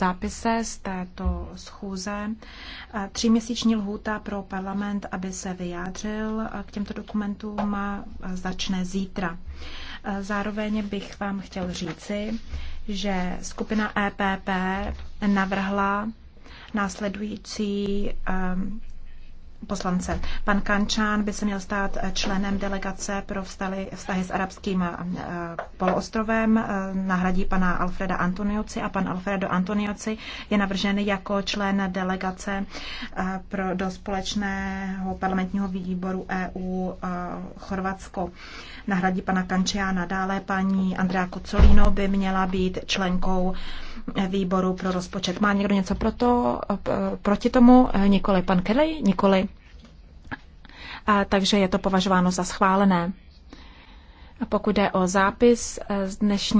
zápise z této schůze. Tříměsíční lhůta pro parlament, aby se vyjádřil k těmto dokumentům, začne zítra. Zároveň bych vám chtěl říci, že skupina EPP navrhla následující um, poslance. Pan Kančán by se měl stát eh, členem delegace pro vztahy, vztahy s arabským eh, poloostrovem. Eh, nahradí pana Alfreda Antonioci a pan Alfredo Antonioci je navržen jako člen delegace pro, do společného parlamentního výboru EU Chorvatsko. Nahradí pana Kančána Dále paní Andrea Kocolino by měla být členkou výboru pro rozpočet. Má někdo něco proto, proti tomu? Nikoli pan Kelly? Nikoli takže je to považováno za schválené. Pokud jde o zápis eh, z dnešní